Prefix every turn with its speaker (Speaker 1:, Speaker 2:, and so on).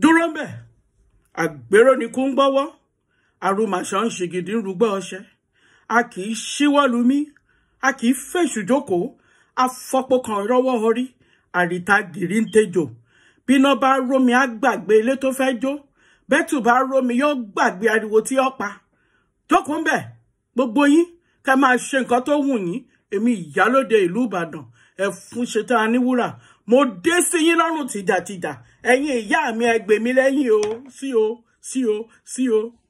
Speaker 1: dúró mbẹ̀ àgbérò ni kú ń gbọ́wọ́ àrùmàṣà ń ṣègìdì ń rúgbọ́ ọṣẹ a kì í ṣíwọ́lu mí a kì í fèṣù jókòó afọpo kan rọ́wọ́ orí àrìta gìrì ń tejò bíná bá rómi á gbàgbé ilé tó fẹ́ jó bẹ́tù bá rómi yóò gbàgbé ariwo tí ó pa jókòó ń gbogbo yín kẹ́ máa ṣe nǹkan tó wù yín èmi ìyálóde ìlú ìbàdàn ẹ̀fún ṣetán aníwúrà mo dé sí yín lọ́rùn tìjàtìjà ẹ̀yin ìyá mi ẹ gbè mí lẹ́yìn o sí o sí o sí o.